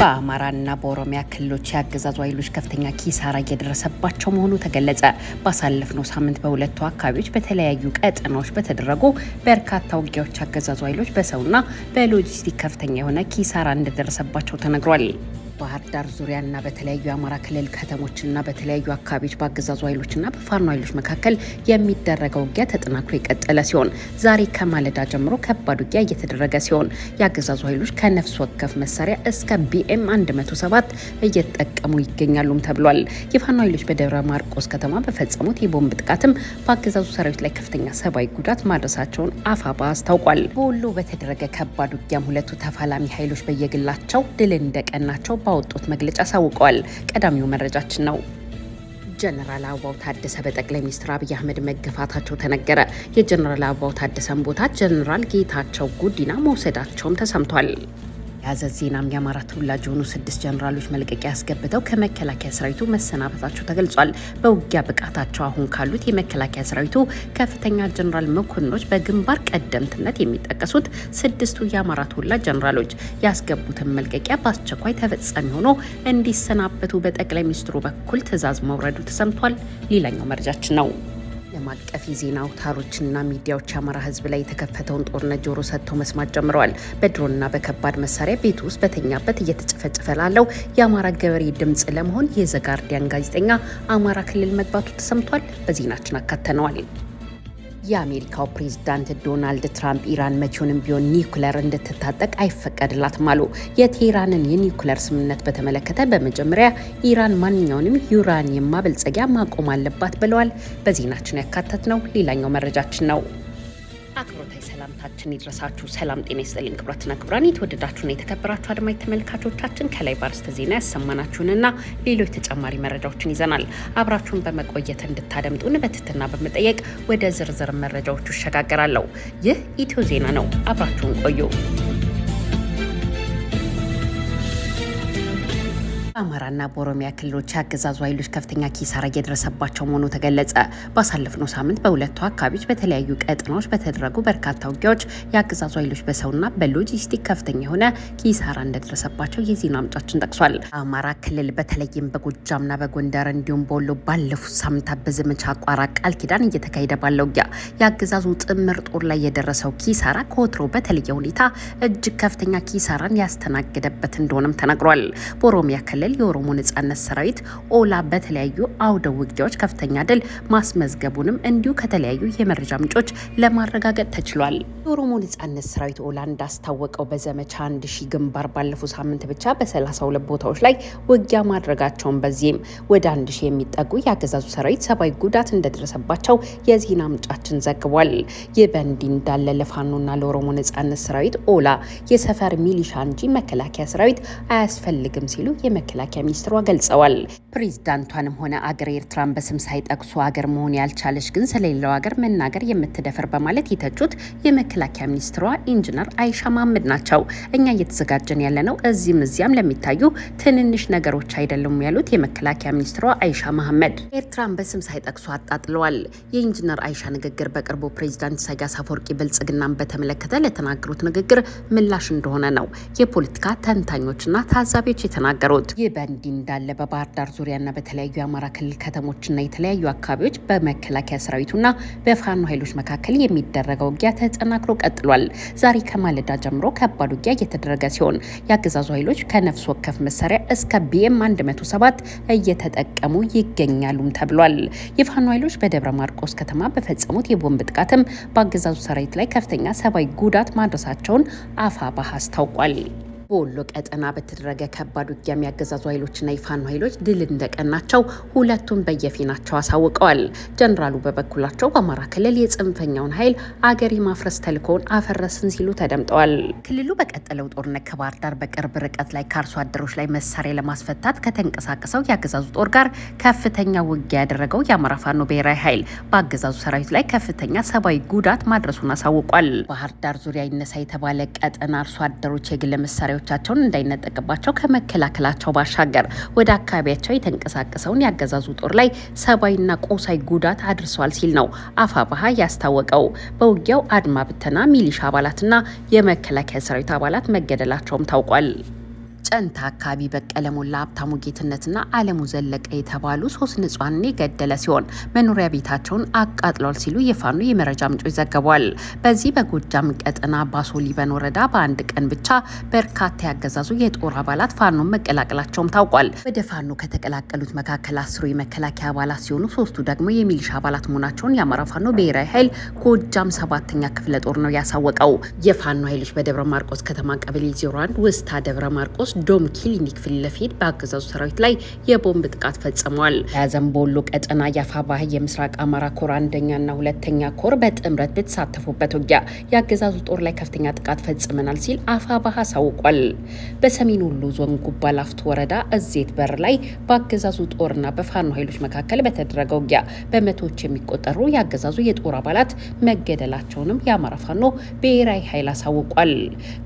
በአማራና በኦሮሚያ ክልሎች የአገዛዙ ኃይሎች ከፍተኛ ኪሳራ እየደረሰባቸው መሆኑ ተገለጸ። ባሳለፍነው ሳምንት በሁለቱ አካባቢዎች በተለያዩ ቀጠናዎች በተደረጉ በርካታ ውጊያዎች አገዛዙ ኃይሎች በሰውና በሎጂስቲክ ከፍተኛ የሆነ ኪሳራ እንደደረሰባቸው ተነግሯል። ባህር ዳር ዙሪያና በተለያዩ የአማራ ክልል ከተሞችና በተለያዩ አካባቢዎች በአገዛዙ ኃይሎችና በፋኖ ኃይሎች መካከል የሚደረገው ውጊያ ተጠናክሮ የቀጠለ ሲሆን ዛሬ ከማለዳ ጀምሮ ከባድ ውጊያ እየተደረገ ሲሆን የአገዛዙ ኃይሎች ከነፍስ ወከፍ መሳሪያ እስከ ቢኤም 107 እየተጠቀሙ ይገኛሉም ተብሏል። የፋኖ ኃይሎች በደብረ ማርቆስ ከተማ በፈጸሙት የቦምብ ጥቃትም በአገዛዙ ሰራዊት ላይ ከፍተኛ ሰብአዊ ጉዳት ማድረሳቸውን አፋባ አስታውቋል። በወሎ በተደረገ ከባድ ውጊያም ሁለቱ ተፋላሚ ኃይሎች በየግላቸው ድል እንደቀናቸው ባወጡት መግለጫ አሳውቀዋል። ቀዳሚው መረጃችን ነው። ጀነራል አበባው ታደሰ በጠቅላይ ሚኒስትር አብይ አህመድ መገፋታቸው ተነገረ። የጀነራል አበባው ታደሰን ቦታ ጀነራል ጌታቸው ጉዲና መውሰዳቸውም ተሰምቷል። በያዘ ዜናም የአማራ ተወላጅ የሆኑ ስድስት ጀኔራሎች መልቀቂያ ያስገብተው ከመከላከያ ሰራዊቱ መሰናበታቸው ተገልጿል። በውጊያ ብቃታቸው አሁን ካሉት የመከላከያ ሰራዊቱ ከፍተኛ ጀኔራል መኮንኖች በግንባር ቀደምትነት የሚጠቀሱት ስድስቱ የአማራ ተወላጅ ጀኔራሎች ያስገቡትን መልቀቂያ በአስቸኳይ ተፈጻሚ ሆኖ እንዲሰናበቱ በጠቅላይ ሚኒስትሩ በኩል ትዕዛዝ መውረዱ ተሰምቷል። ሌላኛው መረጃችን ነው። ዓለም አቀፍ የዜና አውታሮችና ሚዲያዎች የአማራ ህዝብ ላይ የተከፈተውን ጦርነት ጆሮ ሰጥተው መስማት ጀምረዋል። በድሮንና በከባድ መሳሪያ ቤት ውስጥ በተኛበት እየተጨፈጨፈ ላለው የአማራ ገበሬ ድምፅ ለመሆን የዘጋርዲያን ጋዜጠኛ አማራ ክልል መግባቱ ተሰምቷል። በዜናችን አካተነዋል። የአሜሪካው ፕሬዝዳንት ዶናልድ ትራምፕ ኢራን መቼውንም ቢሆን ኒውክለር እንድትታጠቅ አይፈቀድላትም አሉ። የቴህራንን የኒውክለር ስምምነት በተመለከተ በመጀመሪያ ኢራን ማንኛውንም ዩራኒየም ማበልጸጊያ ማቆም አለባት ብለዋል። በዜናችን ያካተት ነው። ሌላኛው መረጃችን ነው። ሰላምታችን ይድረሳችሁ። ሰላም ጤና ይስጥልኝ ክቡራትና ክቡራን፣ የተወደዳችሁና የተከበራችሁ አድማጭ ተመልካቾቻችን ከላይ በአርዕስተ ዜና ያሰማናችሁንና ሌሎች ተጨማሪ መረጃዎችን ይዘናል። አብራችሁን በመቆየት እንድታደምጡን በትህትና በመጠየቅ ወደ ዝርዝር መረጃዎቹ ይሸጋገራለሁ። ይህ ኢትዮ ዜና ነው። አብራችሁን ቆዩ። በአማራና በኦሮሚያ ክልሎች የአገዛዙ ኃይሎች ከፍተኛ ኪሳራ እየደረሰባቸው መሆኑ ተገለጸ። ባሳለፍነው ሳምንት በሁለቱ አካባቢዎች በተለያዩ ቀጥናዎች በተደረጉ በርካታ ውጊያዎች የአገዛዙ ኃይሎች በሰውና በሎጂስቲክ ከፍተኛ የሆነ ኪሳራ እንደደረሰባቸው የዜና ምንጫችን ጠቅሷል። በአማራ ክልል በተለይም በጎጃምና በጎንደር እንዲሁም በወሎ ባለፉት ሳምንታት በዘመቻ አቋራ ቃል ኪዳን እየተካሄደ ባለው ውጊያ የአገዛዙ ጥምር ጦር ላይ የደረሰው ኪሳራ ከወትሮ በተለየ ሁኔታ እጅግ ከፍተኛ ኪሳራን ያስተናገደበት እንደሆነም ተናግሯል። በኦሮሚያ ክልል ክልል የኦሮሞ ነጻነት ሰራዊት ኦላ በተለያዩ አውደ ውጊያዎች ከፍተኛ ድል ማስመዝገቡንም እንዲሁ ከተለያዩ የመረጃ ምንጮች ለማረጋገጥ ተችሏል። የኦሮሞ ነጻነት ሰራዊት ኦላ እንዳስታወቀው በዘመቻ አንድ ሺ ግንባር ባለፈው ሳምንት ብቻ በሰላሳ ሁለት ቦታዎች ላይ ውጊያ ማድረጋቸውን በዚህም ወደ አንድ ሺ የሚጠጉ የአገዛዙ ሰራዊት ሰብአዊ ጉዳት እንደደረሰባቸው የዜና ምንጫችን ዘግቧል። ይህ በእንዲህ እንዳለ ለፋኖና ለኦሮሞ ነጻነት ሰራዊት ኦላ የሰፈር ሚሊሻ እንጂ መከላከያ ሰራዊት አያስፈልግም ሲሉ የመከላከያ ሚኒስትሯ ገልጸዋል። ፕሬዚዳንቷንም ሆነ አገር ኤርትራን በስም ሳይጠቅሱ አገር መሆን ያልቻለች ግን ስለሌላው አገር መናገር የምትደፈር በማለት የተቹት መከላከያ ሚኒስትሯ ኢንጂነር አይሻ መሀመድ ናቸው። እኛ እየተዘጋጀን ያለነው እዚህም እዚያም ለሚታዩ ትንንሽ ነገሮች አይደለም ያሉት የመከላከያ ሚኒስትሯ አይሻ መሀመድ ኤርትራን በስም ሳይጠቅሱ አጣጥለዋል። የኢንጂነር አይሻ ንግግር በቅርቡ ፕሬዚዳንት ኢሳያስ አፈወርቂ ብልጽግናን በተመለከተ ለተናገሩት ንግግር ምላሽ እንደሆነ ነው የፖለቲካ ተንታኞችና ታዛቢዎች የተናገሩት። ይህ በእንዲህ እንዳለ በባህር ዳር ዙሪያና በተለያዩ የአማራ ክልል ከተሞችና የተለያዩ አካባቢዎች በመከላከያ ሰራዊቱና በፋኖ ኃይሎች መካከል የሚደረገው ውጊያ ተጠናክሮ ተጠናክሮ ቀጥሏል። ዛሬ ከማለዳ ጀምሮ ከባድ ውጊያ እየተደረገ ሲሆን የአገዛዙ ኃይሎች ከነፍስ ወከፍ መሳሪያ እስከ ቢኤም 107 እየተጠቀሙ ይገኛሉም ተብሏል። የፋኖ ኃይሎች በደብረ ማርቆስ ከተማ በፈጸሙት የቦምብ ጥቃትም በአገዛዙ ሰራዊት ላይ ከፍተኛ ሰብአዊ ጉዳት ማድረሳቸውን አፋ ባህ አስታውቋል። በወሎ ቀጠና በተደረገ ከባድ ውጊያ የአገዛዙ ኃይሎችና የፋኖ ኃይሎች ድል እንደቀናቸው ሁለቱም በየፊናቸው አሳውቀዋል። ጀኔራሉ በበኩላቸው በአማራ ክልል የጽንፈኛውን ኃይል አገር የማፍረስ ተልእኮውን አፈረስን ሲሉ ተደምጠዋል። ክልሉ በቀጠለው ጦርነት ከባህር ዳር በቅርብ ርቀት ላይ ከአርሶ አደሮች ላይ መሳሪያ ለማስፈታት ከተንቀሳቀሰው የአገዛዙ ጦር ጋር ከፍተኛ ውጊያ ያደረገው የአማራ ፋኖ ብሔራዊ ኃይል በአገዛዙ ሰራዊት ላይ ከፍተኛ ሰብአዊ ጉዳት ማድረሱን አሳውቋል። ባህር ዳር ዙሪያ ይነሳ የተባለ ቀጠና አርሶ አደሮች የግለ መሳሪያ ተከታዮቻቸውን እንዳይነጠቅባቸው ከመከላከላቸው ባሻገር ወደ አካባቢያቸው የተንቀሳቀሰውን ያገዛዙ ጦር ላይ ሰብአዊና ቁሳዊ ጉዳት አድርሷል ሲል ነው አፋብኃ ያስታወቀው። በውጊያው አድማ ብተና፣ ሚሊሻ አባላትና የመከላከያ ሰራዊት አባላት መገደላቸውም ታውቋል። ጨንታ አካባቢ በቀለ ሞላ፣ ሀብታሙ ጌትነትና አለሙ ዘለቀ የተባሉ ሶስት ንጹሐንን የገደለ ሲሆን መኖሪያ ቤታቸውን አቃጥሏል ሲሉ የፋኖ የመረጃ ምንጮች ዘግበዋል። በዚህ በጎጃም ቀጠና ባሶ ሊበን ወረዳ በአንድ ቀን ብቻ በርካታ ያገዛዙ የጦር አባላት ፋኖን መቀላቀላቸውም ታውቋል። ወደ ፋኖ ከተቀላቀሉት መካከል አስሩ የመከላከያ አባላት ሲሆኑ ሶስቱ ደግሞ የሚሊሻ አባላት መሆናቸውን የአማራ ፋኖ ብሔራዊ ኃይል ጎጃም ሰባተኛ ክፍለ ጦር ነው ያሳወቀው። የፋኖ ኃይሎች በደብረ ማርቆስ ከተማ ቀበሌ 01 ውስታ ደብረ ማርቆስ ዶም ክሊኒክ ፊት ለፊት በአገዛዙ ሰራዊት ላይ የቦምብ ጥቃት ፈጽሟል። የያዘን ቀጠና የአፋባህ የምስራቅ አማራ ኮር አንደኛና ሁለተኛ ኮር በጥምረት በተሳተፉበት ውጊያ የአገዛዙ ጦር ላይ ከፍተኛ ጥቃት ፈጽመናል ሲል አፋባህ አሳውቋል። በሰሜን ወሎ ዞን ጉባ ላፍቶ ወረዳ እዜት በር ላይ በአገዛዙ ጦርና በፋኖ ኃይሎች መካከል በተደረገ ውጊያ በመቶዎች የሚቆጠሩ የአገዛዙ የጦር አባላት መገደላቸውንም የአማራ ፋኖ ብሔራዊ ኃይል አሳውቋል።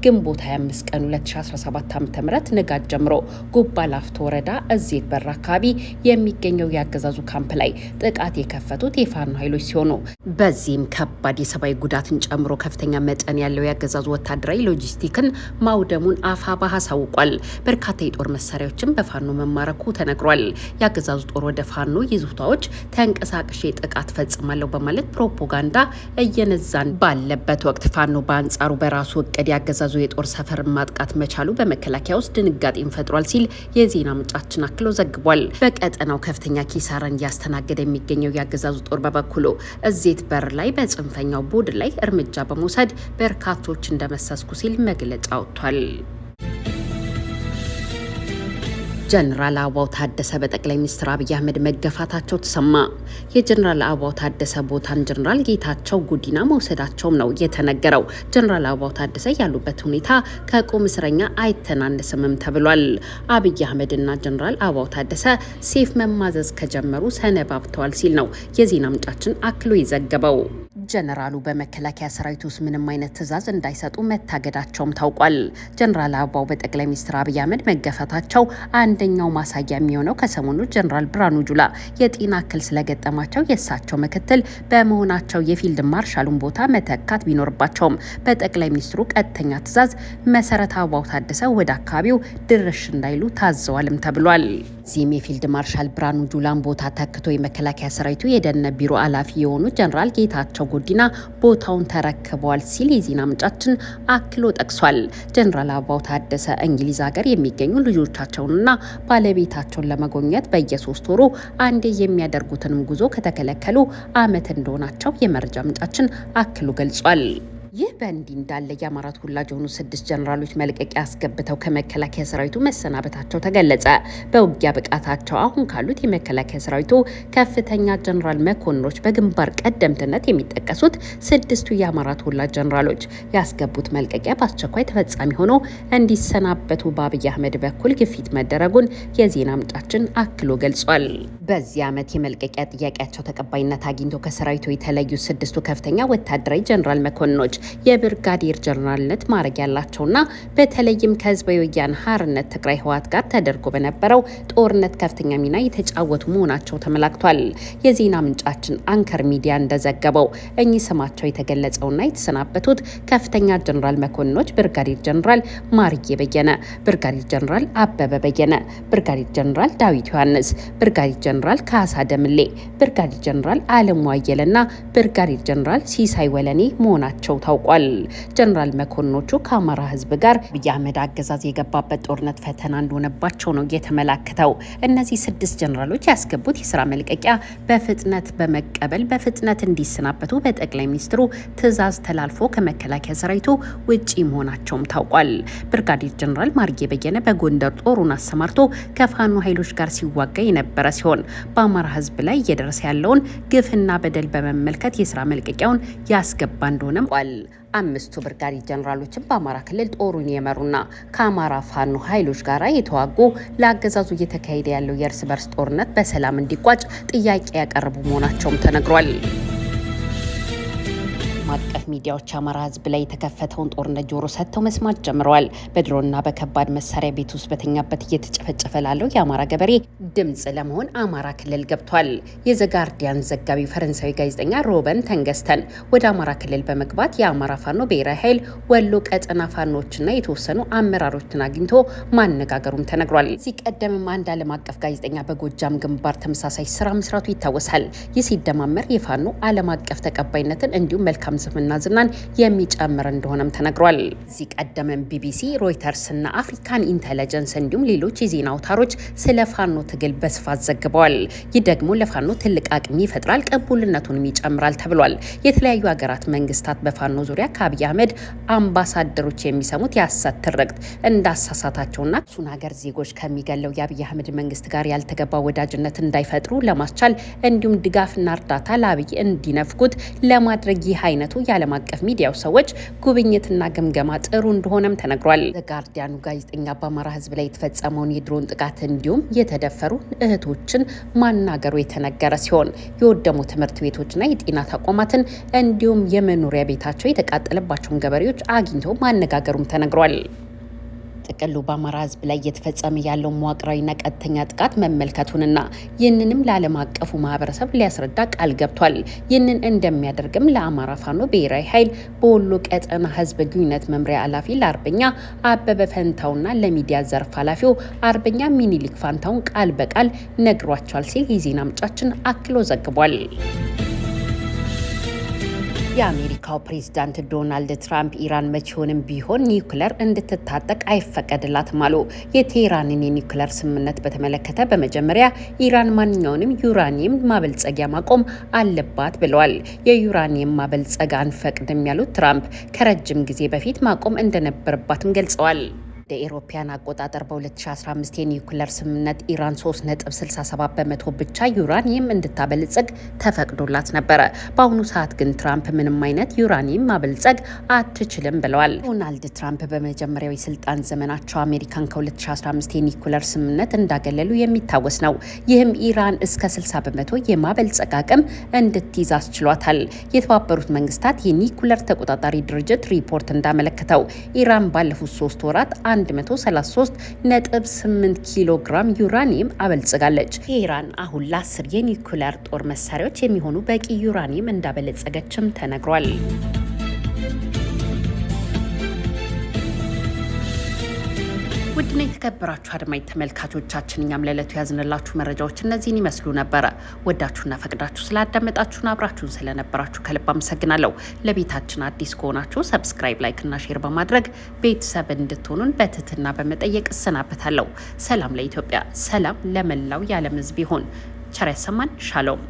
ግንቦት 25 ቀን 2017 ም ዓመት ንጋት ጀምሮ ጉባ ላፍቶ ወረዳ እዜት በር አካባቢ የሚገኘው የአገዛዙ ካምፕ ላይ ጥቃት የከፈቱት የፋኖ ኃይሎች ሲሆኑ በዚህም ከባድ የሰብአዊ ጉዳትን ጨምሮ ከፍተኛ መጠን ያለው የአገዛዙ ወታደራዊ ሎጂስቲክን ማውደሙን አፋብኃ አሳውቋል። በርካታ የጦር መሳሪያዎችን በፋኖ መማረኩ ተነግሯል። የአገዛዙ ጦር ወደ ፋኖ ይዞታዎች ተንቀሳቅሼ ጥቃት ፈጽማለሁ በማለት ፕሮፓጋንዳ እየነዛን ባለበት ወቅት ፋኖ በአንጻሩ በራሱ እቅድ ያገዛዙ የጦር ሰፈር ማጥቃት መቻሉ በመከላከያ ውስጥ ድንጋጤን ፈጥሯል ሲል የዜና ምንጫችን አክሎ ዘግቧል። በቀጠናው ከፍተኛ ኪሳራን እያስተናገደ የሚገኘው የአገዛዙ ጦር በበኩሉ እዜት በር ላይ በጽንፈኛው ቡድን ላይ እርምጃ በመውሰድ በርካቶች እንደመሰስኩ ሲል መግለጫ አውጥቷል። ጀነራል አበባው ታደሰ በጠቅላይ ሚኒስትር አብይ አህመድ መገፋታቸው ተሰማ። የጀነራል አበባው ታደሰ ቦታን ጀነራል ጌታቸው ጉዲና መውሰዳቸውም ነው የተነገረው። ጀነራል አበባው ታደሰ ያሉበት ሁኔታ ከቁም እስረኛ አይተናነስምም ተብሏል። አብይ አህመድና ጀነራል አበባው ታደሰ ሴፍ መማዘዝ ከጀመሩ ሰነባብተዋል ሲል ነው የዜና ምንጫችን አክሎ የዘገበው። ጀነራሉ በመከላከያ ሰራዊት ውስጥ ምንም አይነት ትዕዛዝ እንዳይሰጡ መታገዳቸውም ታውቋል። ጀነራል አበባው በጠቅላይ ሚኒስትር አብይ አህመድ መገፈታቸው አንደኛው ማሳያ የሚሆነው ከሰሞኑ ጀነራል ብርሃኑ ጁላ የጤና እክል ስለገጠማቸው የእሳቸው ምክትል በመሆናቸው የፊልድ ማርሻሉን ቦታ መተካት ቢኖርባቸውም በጠቅላይ ሚኒስትሩ ቀጥተኛ ትዕዛዝ መሰረት አበባው ታደሰ ወደ አካባቢው ድርሽ እንዳይሉ ታዘዋልም ተብሏል። በዚህም የፊልድ ማርሻል ብርሃኑ ጁላን ቦታ ተክቶ የመከላከያ ሰራዊቱ የደህንነት ቢሮ ኃላፊ የሆኑ ጀነራል ጌታቸው ጎዲና ቦታውን ተረክበዋል ሲል የዜና ምንጫችን አክሎ ጠቅሷል። ጀነራል አበባው ታደሰ እንግሊዝ ሀገር የሚገኙ ልጆቻቸውንና ባለቤታቸውን ለመጎብኘት በየሶስት ወሩ አንዴ የሚያደርጉትንም ጉዞ ከተከለከሉ ዓመት እንደሆናቸው የመረጃ ምንጫችን አክሎ ገልጿል። ይህ በእንዲህ እንዳለ የአማራ ተወላጅ የሆኑ ስድስት ጀኔራሎች መልቀቂያ አስገብተው ከመከላከያ ሰራዊቱ መሰናበታቸው ተገለጸ። በውጊያ ብቃታቸው አሁን ካሉት የመከላከያ ሰራዊቱ ከፍተኛ ጀኔራል መኮንኖች በግንባር ቀደምትነት የሚጠቀሱት ስድስቱ የአማራ ተወላጅ ጀኔራሎች ያስገቡት መልቀቂያ በአስቸኳይ ተፈጻሚ ሆኖ እንዲሰናበቱ በአብይ አህመድ በኩል ግፊት መደረጉን የዜና ምንጫችን አክሎ ገልጿል። በዚህ ዓመት የመልቀቂያ ጥያቄያቸው ተቀባይነት አግኝቶ ከሰራዊቱ የተለዩ ስድስቱ ከፍተኛ ወታደራዊ ጀኔራል መኮንኖች የብርጋዴር ጀነራልነት ማዕረግ ያላቸውና በተለይም ከህዝባዊ ወያነ ሓርነት ትግራይ ህወሓት ጋር ተደርጎ በነበረው ጦርነት ከፍተኛ ሚና የተጫወቱ መሆናቸው ተመላክቷል። የዜና ምንጫችን አንከር ሚዲያ እንደዘገበው እኚህ ስማቸው የተገለጸውና የተሰናበቱት ከፍተኛ ጀነራል መኮንኖች ብርጋዴር ጀነራል ማርዬ በየነ፣ ብርጋዴር ጀነራል አበበ በየነ፣ ብርጋዴር ጀነራል ዳዊት ዮሐንስ፣ ብርጋዴር ጀነራል ካሳ ደምሌ፣ ብርጋዴር ጀነራል አለሙ አየለና ብርጋዴር ጀነራል ሲሳይ ወለኔ መሆናቸው ታውቋል። ጀነራል መኮንኖቹ ከአማራ ህዝብ ጋር አብይ አህመድ አገዛዝ የገባበት ጦርነት ፈተና እንደሆነባቸው ነው የተመላከተው። እነዚህ ስድስት ጀነራሎች ያስገቡት የስራ መልቀቂያ በፍጥነት በመቀበል በፍጥነት እንዲሰናበቱ በጠቅላይ ሚኒስትሩ ትዕዛዝ ተላልፎ ከመከላከያ ሰራዊቱ ውጪ መሆናቸውም ታውቋል። ብርጋዴር ጀነራል ማርጌ በየነ በጎንደር ጦሩን አሰማርቶ ከፋኖ ኃይሎች ጋር ሲዋጋ የነበረ ሲሆን በአማራ ህዝብ ላይ እየደረሰ ያለውን ግፍና በደል በመመልከት የስራ መልቀቂያውን ያስገባ እንደሆነም ቋል አምስቱ ብርጋዴር ጀኔራሎችን በአማራ ክልል ጦሩን የመሩና ከአማራ ፋኖ ኃይሎች ጋር የተዋጉ ለአገዛዙ እየተካሄደ ያለው የእርስ በርስ ጦርነት በሰላም እንዲቋጭ ጥያቄ ያቀረቡ መሆናቸውም ተነግሯል። ዓለም አቀፍ ሚዲያዎች አማራ ህዝብ ላይ የተከፈተውን ጦርነት ጆሮ ሰጥተው መስማት ጀምረዋል። በድሮና በከባድ መሳሪያ ቤት ውስጥ በተኛበት እየተጨፈጨፈ ላለው የአማራ ገበሬ ድምፅ ለመሆን አማራ ክልል ገብቷል። የዘጋርዲያን ዘጋቢ ፈረንሳዊ ጋዜጠኛ ሮበን ተንገስተን ወደ አማራ ክልል በመግባት የአማራ ፋኖ ብሔራዊ ኃይል ወሎ ቀጠና ፋኖችና የተወሰኑ አመራሮችን አግኝቶ ማነጋገሩም ተነግሯል። እዚህ ቀደምም አንድ ዓለም አቀፍ ጋዜጠኛ በጎጃም ግንባር ተመሳሳይ ስራ መስራቱ ይታወሳል። ይህ ሲደማመር የፋኖ ዓለም አቀፍ ተቀባይነትን እንዲሁም መልካም ስምና ዝናን የሚጨምር እንደሆነም ተነግሯል። እዚህ ቀደምም ቢቢሲ፣ ሮይተርስና አፍሪካን ኢንተለጀንስ እንዲሁም ሌሎች የዜና አውታሮች ስለ ፋኖ ትግል በስፋት ዘግበዋል። ይህ ደግሞ ለፋኖ ትልቅ አቅም ይፈጥራል፣ ቅቡልነቱንም ይጨምራል ተብሏል። የተለያዩ ሀገራት መንግስታት በፋኖ ዙሪያ ከአብይ አህመድ አምባሳደሮች የሚሰሙት የሐሰት ትርክት እንዳሳሳታቸውና እሱን ሀገር ዜጎች ከሚገለው የአብይ አህመድ መንግስት ጋር ያልተገባ ወዳጅነት እንዳይፈጥሩ ለማስቻል እንዲሁም ድጋፍና እርዳታ ለአብይ እንዲነፍኩት ለማድረግ ይህ አይነት የዕለቱ የዓለም አቀፍ ሚዲያው ሰዎች ጉብኝትና ግምገማ ጥሩ እንደሆነም ተነግሯል። ዘጋርዲያኑ ጋዜጠኛ በአማራ ህዝብ ላይ የተፈጸመውን የድሮን ጥቃት እንዲሁም የተደፈሩ እህቶችን ማናገሩ የተነገረ ሲሆን የወደሙ ትምህርት ቤቶችና የጤና ተቋማትን እንዲሁም የመኖሪያ ቤታቸው የተቃጠለባቸውን ገበሬዎች አግኝተው ማነጋገሩም ተነግሯል። በጥቅሉ በአማራ ህዝብ ላይ እየተፈጸመ ያለው መዋቅራዊና ቀጥተኛ ጥቃት መመልከቱንና ይህንንም ለዓለም አቀፉ ማህበረሰብ ሊያስረዳ ቃል ገብቷል። ይህንን እንደሚያደርግም ለአማራ ፋኖ ብሔራዊ ኃይል በወሎ ቀጠና ህዝብ ግንኙነት መምሪያ ኃላፊ ለአርበኛ አበበ ፈንታውና ለሚዲያ ዘርፍ ኃላፊው አርበኛ ሚኒሊክ ፋንታውን ቃል በቃል ነግሯቸዋል ሲል የዜና ምንጫችን አክሎ ዘግቧል። የአሜሪካው ፕሬዝዳንት ዶናልድ ትራምፕ ኢራን መቼሆንም ቢሆን ኒውክለር እንድትታጠቅ አይፈቀድላትም አሉ። የቴህራንን የኒውክለር ስምምነት በተመለከተ በመጀመሪያ ኢራን ማንኛውንም ዩራኒየም ማበልጸጊያ ማቆም አለባት ብለዋል። የዩራኒየም ማበልጸግ አንፈቅድም ያሉት ትራምፕ ከረጅም ጊዜ በፊት ማቆም እንደነበረባትም ገልጸዋል። እንደ ኤሮፓያን አቆጣጠር በ2015 የኒውክለር ስምምነት ኢራን 3.67 በመቶ ብቻ ዩራኒየም እንድታበልጸግ ተፈቅዶላት ነበረ። በአሁኑ ሰዓት ግን ትራምፕ ምንም አይነት ዩራኒየም ማበልጸግ አትችልም ብለዋል። ዶናልድ ትራምፕ በመጀመሪያው የስልጣን ዘመናቸው አሜሪካን ከ2015 የኒውክለር ስምምነት እንዳገለሉ የሚታወስ ነው። ይህም ኢራን እስከ 60 በመቶ የማበልጸግ አቅም እንድትይዝ አስችሏታል። የተባበሩት መንግስታት የኒውክለር ተቆጣጣሪ ድርጅት ሪፖርት እንዳመለከተው ኢራን ባለፉት ሶስት ወራት 133.8 ኪሎ ግራም ዩራኒየም አበልጽጋለች። ኢራን አሁን ለአስር የኒውክሊየር ጦር መሳሪያዎች የሚሆኑ በቂ ዩራኒየም እንዳበለጸገችም ተነግሯል። ውድና የተከበራችሁ አድማጭ ተመልካቾቻችን እኛም ለዕለቱ ያዝንላችሁ መረጃዎች እነዚህን ይመስሉ ነበረ። ወዳችሁና ፈቅዳችሁ ስላዳመጣችሁን አብራችሁን ስለነበራችሁ ከልብ አመሰግናለሁ። ለቤታችን አዲስ ከሆናችሁ ሰብስክራይብ፣ እና ሼር በማድረግ ቤተሰብ እንድትሆኑን በትህትና በመጠየቅ እሰናበታለሁ። ሰላም ለኢትዮጵያ፣ ሰላም ለመላው የዓለም ሕዝብ ይሆን። ቸር ያሰማን። ሻሎም